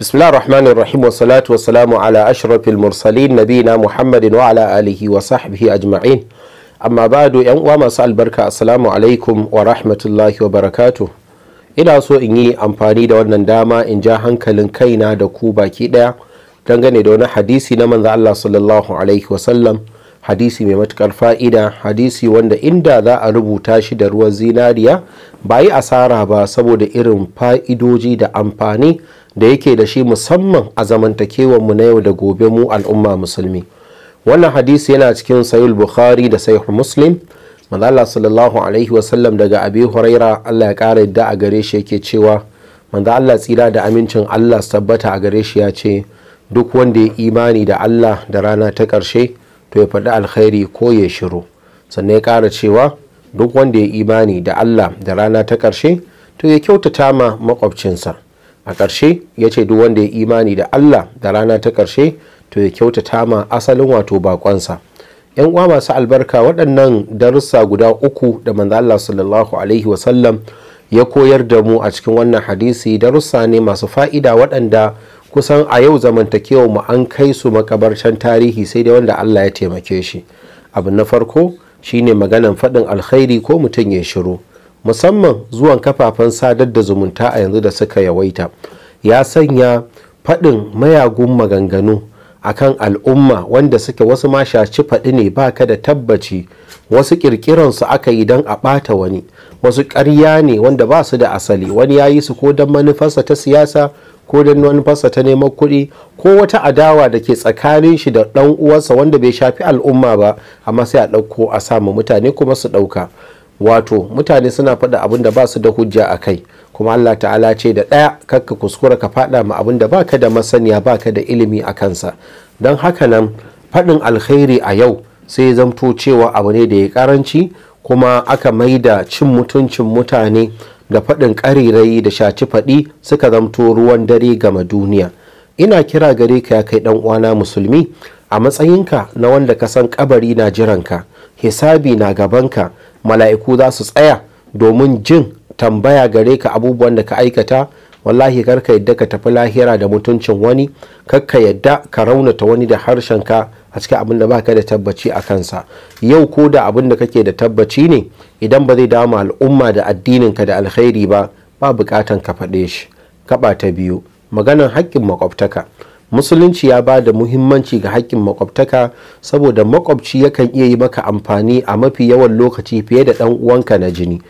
بسم الله الرحمن الرحيم والصلاة والسلام على أشرف المرسلين نبينا محمد وعلى آله وصحبه أجمعين أما بعد ‘yan uwa masu albarka asalamu alaikum wa rahmatullahi wa barakatu ina so in yi amfani da wannan dama in ja hankalin kaina da ku baki ɗaya dangane da wani hadisi na manza Allah sallallahu alaihi wasallam hadisi mai matukar fa'ida hadisi wanda inda za a rubuta shi da ruwan zinariya ba yi asara ba saboda irin fa'idoji da amfani da yake da shi musamman a zamantakewar mu na yau da gobe mu al'umma musulmi wannan hadisi yana cikin sayul bukhari da sahih muslim manzala sallallahu alaihi wasallam daga abi huraira allah ya kara yadda a gare shi yake cewa manza allah tsira da amincin allah tabbata a gare shi ya ce duk wanda ya imani da allah da rana ta karshe to ya faɗi alkhairi ko ya shiru sannan ya kara cewa duk wanda ya imani da allah da rana ta karshe to ya kyautata ma makwabcinsa. a ƙarshe ya ce duk wanda ya imani da allah da rana ta ƙarshe to ya kyautata ma asalin wato bakonsa yan uwa masu albarka waɗannan darussa guda uku da manzo allah sallallahu alaihi wasallam ya koyar da mu a cikin wannan hadisi darussa ne masu fa'ida waɗanda kusan a yau zamantakewa mu an kai su makabarcan tarihi sai da wanda allah ya taimake shi abu na farko shine maganan faɗin alkhairi ko mutum ya shiru musamman zuwan kafafen sadar da zumunta a yanzu da suka yawaita ya sanya faɗin mayagun maganganu a kan al'umma wanda suke wasu ma shaci faɗi ne baka da tabbaci wasu ƙirƙiransu aka yi don a ɓata wani wasu ƙarya ne wanda ba su da asali wani ya yi su ko don manufarsa ta siyasa ko don manufarsa ta neman kuɗi ko wata adawa da ke tsakanin shi da ɗan uwansa wanda bai shafi al'umma ba amma sai a ɗauko a samu mutane kuma su ɗauka wato mutane suna faɗa abin da ba su da hujja a kai kuma Allah ta'ala ce da ɗaya kakka kuskura ka faɗa ma abin da baka da masaniya baka da ilimi a kansa don haka nan faɗin alkhairi a yau sai zamto cewa abu ne da ya karanci kuma aka mai da cin mutuncin mutane da faɗin ƙarirai da shaci faɗi suka zamto ruwan dare gama duniya ina kira gare ka ya kai ɗan uwana musulmi a matsayinka na wanda ka san kabari na jiranka hisabi na gabanka mala'iku za su tsaya domin jin tambaya gare ka abubuwan da ka aikata wallahi kar ka yadda ka tafi lahira da mutuncin wani kar ka yadda ka raunata wani da harshen ka a cikin abin da baka da tabbaci a kansa yau ko da abin da kake da tabbaci ne idan ba zai dama al'umma da addinin ka da alkhairi ba ba bukatan ka faɗe shi kaba ta biyu maganan haƙƙin makwabtaka musulunci ya ba da muhimmanci ga haƙƙin makwabtaka saboda makwabci yakan iya yi maka amfani a mafi yawan lokaci fiye da ɗan uwanka na jini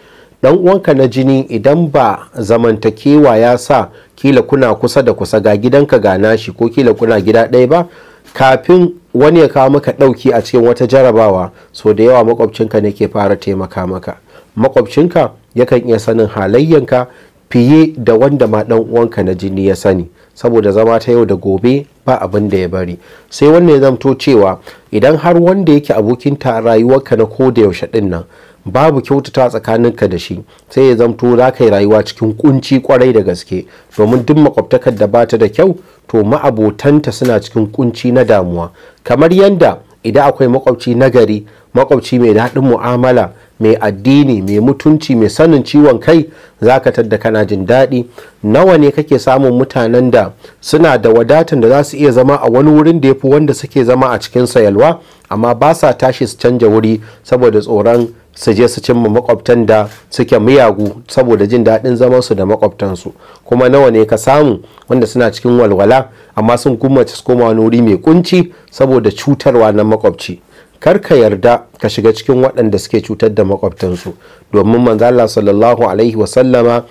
ɗan uwanka na jini idan ba zamantakewa ya sa kila kuna kusa da kusa ga gidanka ga nashi ko kila kuna gida ɗaya ba kafin wani ya kawo maka ɗauki a cikin wata jarabawa so da yawa makwabcinka ne ke fara taimaka maka makwabcinka yakan iya sanin halayyanka fiye da wanda ma dan uwanka na jini ya sani saboda zama ta yau da gobe ba abin da ya bari sai wannan ya zamto cewa idan har wanda yake abokin ta rayuwarka na ko da yaushe din nan babu kyautata tsakaninka da shi sai ya zamto za ka yi rayuwa cikin kunci kwarai da gaske domin duk makwabtakar da bata da kyau to ma'abotanta suna cikin kunci na damuwa kamar yanda idan akwai makwabci nagari makwabci mai daɗin mu'amala mai addini mai mutunci mai sanin ciwon kai za ka tadda kana jin daɗi nawa ne kake samun mutanen da suna da wadatan da za su iya zama a wani wurin da ya fi wanda suke zama a cikin sayalwa amma ba sa tashi su canja wuri saboda tsoron su je su cimma makwabtan da suke miyagu saboda jin daɗin zaman su da makwabtansu kuma nawa ne ka samu wanda suna cikin walwala amma sun gumace su koma wani wuri mai kunci saboda cutarwa na makwabci kar ka yarda ka shiga cikin waɗanda suke cutar da makwabtansu domin manzo Allah sallallahu alaihi wasallama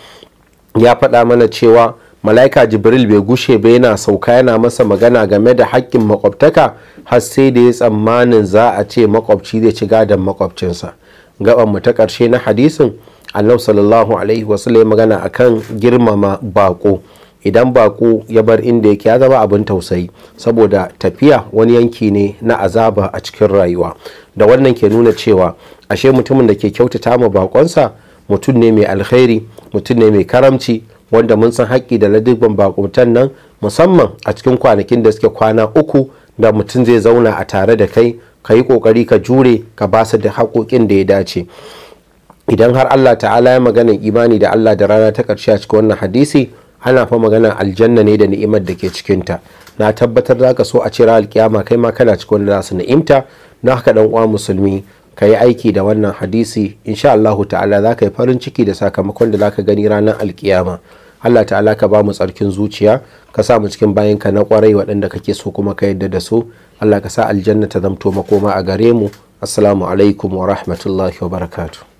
ya faɗa mana cewa mala'ika jibril bai gushe ba yana sauka yana masa magana game da hakkin makwabtaka har sai da ya tsammanin za a ce makwabci zai ci gadon makwabcinsa gaban mu ta ƙarshe na hadisin annabi sallallahu alaihi wa ya magana akan girmama bako idan bako ya bar inda yake ya zama abin tausayi saboda tafiya wani yanki ne na azaba a cikin rayuwa da wannan ke nuna cewa ashe mutumin da ke kyautata ma bakonsa mutum ne mai alkhairi mutum ne mai karamci wanda mun san haƙƙi da ladibban bakuntan nan musamman a cikin kwanakin da suke kwana uku da mutum zai zauna a tare da kai ka yi ƙoƙari ka jure ka ba su da haƙoƙin da ya dace idan har Allah ta'ala ya magana imani da Allah da rana ta ƙarshe a cikin wannan hadisi ana fa magana aljanna ne da ni'imar da ke cikinta na tabbatar za ka so a cira alƙiyama kai ma kana cikin wanda za su ni'imta na haka dan uwa musulmi ka yi aiki da wannan hadisi insha Allahu ta'ala za ka yi farin ciki da sakamakon da za ka gani ranar alkiyama Allah ta'ala ka ba mu tsarkin zuciya ka sa mu cikin bayan ka na kwarai waɗanda kake so kuma ka yadda da su Allah ka sa aljanna ta zamto makoma a gare mu assalamu alaikum wa rahmatullahi wa barakatuh